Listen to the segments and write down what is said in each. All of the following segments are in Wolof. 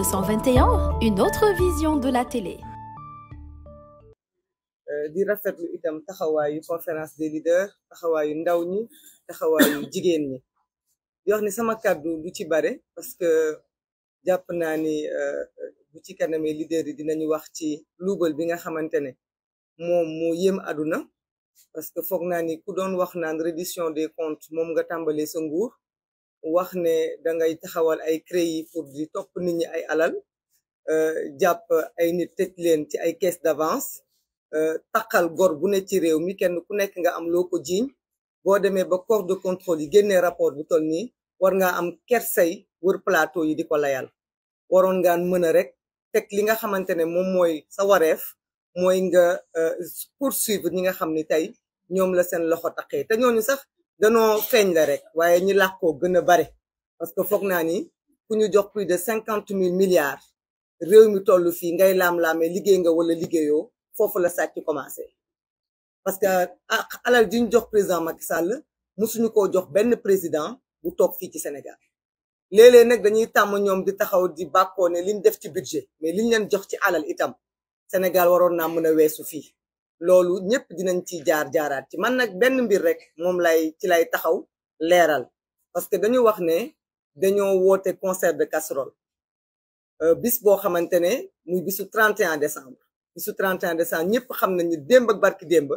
221, une autre vision de la télé. Euh, di rafetlu itam taxawaayu conférence des leaders taxawaayu ndaw ñi taxawaayu jigéen ñi di wax ni sama kàddu du ci bare parce que jàpp naa ni euh, bu ci kanamee leaders yi dinañu wax ci luubal bi nga xamante ne moom moo yéem parce que foog naa ni ku doon wax naan reddition des comptes moom nga tàmbalee sa nguur wax ne da ngay taxawal ay CREI pour di topp nit ay alal euh, jàpp ay nit tëj leen ci ay caisse d'avance euh, taqal gor bu ne ci réew mi kenn ku nekk nga am loo ko jiiñ boo demee ba corps de contrôle yi génnee rapport bu toll nii war ngaa am kersay wër plateau yi di ko layal waroon ngaan mën a rek teg li nga xamante ne moom mooy sa wareef mooy nga pour euh, poursuivre ñi nga xam ni tey ñoom la seen loxo taqee te ñooñu sax danoo feeñ la rek waaye ñi làkkoo gën a bare parce que foog naa ni ku ñu jox plus de cinquante mille milliards réew mi toll fii ngay lam laamee liggéey nga wala liggéeyoo foofu la sàcc commencé parce que ah, alal ji ñu jox président Macky Sall mësuñu koo jox benn président bu toog fii ci Sénégal léeg-léeg nag dañuy tàmm ñoom di taxaw di bàkkoo ne liñ def ci budget mais liñ leen jox ci alal itam Sénégal waroon naa mën a weesu fii loolu ñëpp dinañ ci jaar jaaraat ci man nag benn mbir rek moom lay ci lay taxaw leeral parce que dañu wax ne dañoo woote concert de casserole euh, bis boo xamante ne muy bisu 31 décembre bisu 31 décembre ñëpp xam nañu démb ak barki démb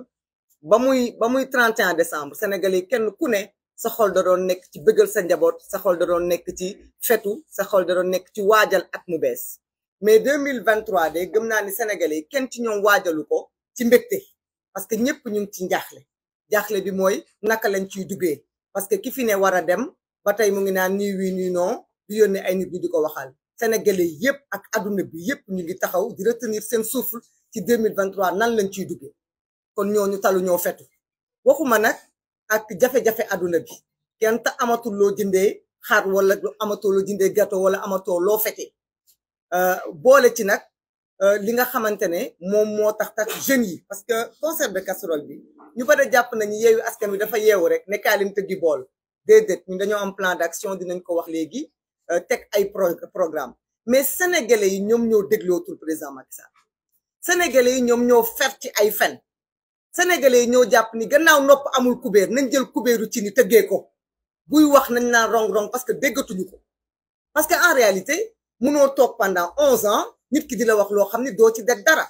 ba muy ba muy 31 décembre Sénégal yi kenn ku ne sa xol da doon nekk ci bëggal sa njaboot sa xol da doon nekk ci fetu sa xol da doon nekk ci waajal ak mu bees mais mille 2023 de gëm naa ni Sénégal yi kenn ci ñoom waajalu ko ci mbégte parce que ñëpp ñu ngi ci njaaxle jaaxle bi mooy naka lañ ciy duggee parce que ki fi ne war a dem ba tey mu ngi naan ni wii nii non di yónnee ay nit ñi di ko waxal sénégalais yëpp ak adduna bi yëpp ñu ngi taxaw di retenir seen souffle ci 2023 nan lañ ciy duggee kon ñooñu talu ñoo fetu waxuma nag ak jafe-jafe adduna bi kenn ta amatul loo jëndee xaar wala amatoo loo jëndee gâteau wala amatoo loo fete euh, boole ci nag Euh, li nga xamantene mom moom tax tax jeunes yi parce que concert de casserole bi ñu bëda japp nañu yeewu askan bi dafa yeewu rek ne kaalim teggi bol dedet ñu dañu am plan d'action dinañ ko wax légui euh, tek ay programme mais sénégalais yi ñoom ñoo déglootul président Macky Sall sénégalais yi ñoom ñoo fer ci ay fen sénégalais yi ñoo japp ni gannaaw nopp amul kubéer nañ jël kubéeru ci ni tëggee ko buy wax nañ na rong-rong parce que déggatuñu ko parce que en réalité munoo toog pendant 11 ans nit ki di wax loo xam ne doo ci def dara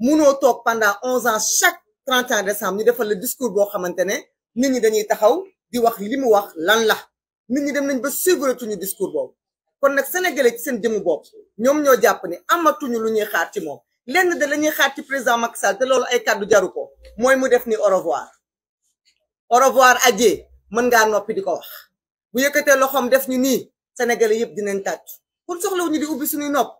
munoo toog pendant onze ans chaque trente ans décembre ñu defal la discours boo xamante ne nit ñi dañuy taxaw di wax li mu wax lan la nit ñi dem nañ ba suivretuñu discours boobu kon nag sénégalais ci seen jëmu bopp ñoom ñoo jàpp ne amatuñu lu ñuy xaar ci moom lenn de la ñuy xaar ci président Macky Sall te loolu ay kàddu jaru ko mooy mu def ni au revoir au mën ngaa noppi di ko wax bu yëkkatee loxoom def ñu nii sénégalais yëpp dinañ tàcc kon soxlawuñu nopp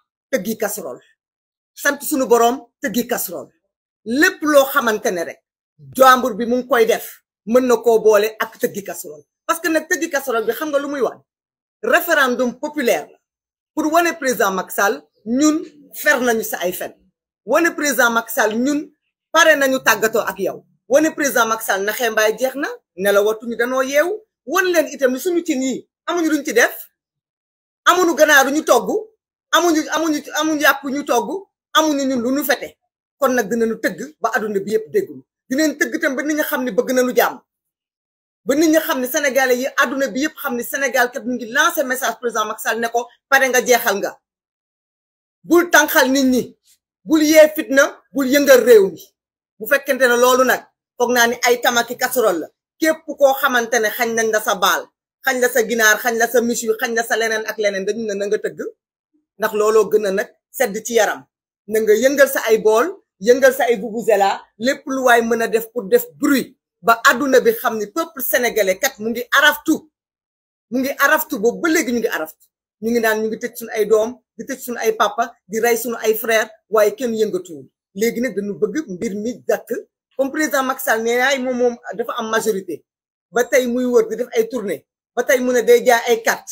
tëggi casserole sant suñu boroom tëggi casserole lépp loo xamante ne rek jàmbur bi mu koy def mën na ko boole ak tëggi casserole parce que nag tëggi casserole bi xam nga lu muy wax référendum populaire la pour wane président Macky Sall ñun fer nañu sa ay fen wane président Macky Sall ñun pare na ñu tàggatoo ak yow wane président Macky Sall naxee mbaay jeex na ne la wattuñu danoo yeew wan leen itam ni suñu cin yi amuñu luñ ci def amuñu ganaaru ñu togg amuñu amuñu amuñu yàpp ñu togg amuñu ñu lu ñu fete kon nag dinañu tëgg ba adduna bi yëpp déggul dinañ tëgg tam ba nit ñi xam ne bëgg nañu jàmm ba nit ñu xam ne sénégalais yi adduna bi yëpp xam ne Sénégal kat mu ngi lancé message président Macky Sall ne ko pare nga jeexal nga bul tànqal nit ñi bul yee fitna bul yëngal réew mi bu fekkente ne loolu nag foog naa ni ay tamaki casserole la képp koo xamante ne xañ nañ la sa baal xañ la sa ginaar xañ na sa miche xañ na sa leneen ak leneen dañu ne na nga tëgg ndax loolo gëna nak sedd ci yaram na nga yëngal sa ay bool yëngal sa ay bubuzela lépp lu way mëna def pour def bruit ba aduna bi xamni peuple sénégalais kat mu ngi araftu mu ngi araftu bo ba légui ñu ngi araftu ñu ngi naan ñu ngi tecc suñu ay doom di tecc suñu ay papa di ray suñu ay frère waaye kenn yëngatu légui nak dañu bëgg mbir mi dakk comme président Macky Sall nee naay mom moom dafa am majorité ba tay muy wër di def ay tournée ba tay mu ne day jaay ay carte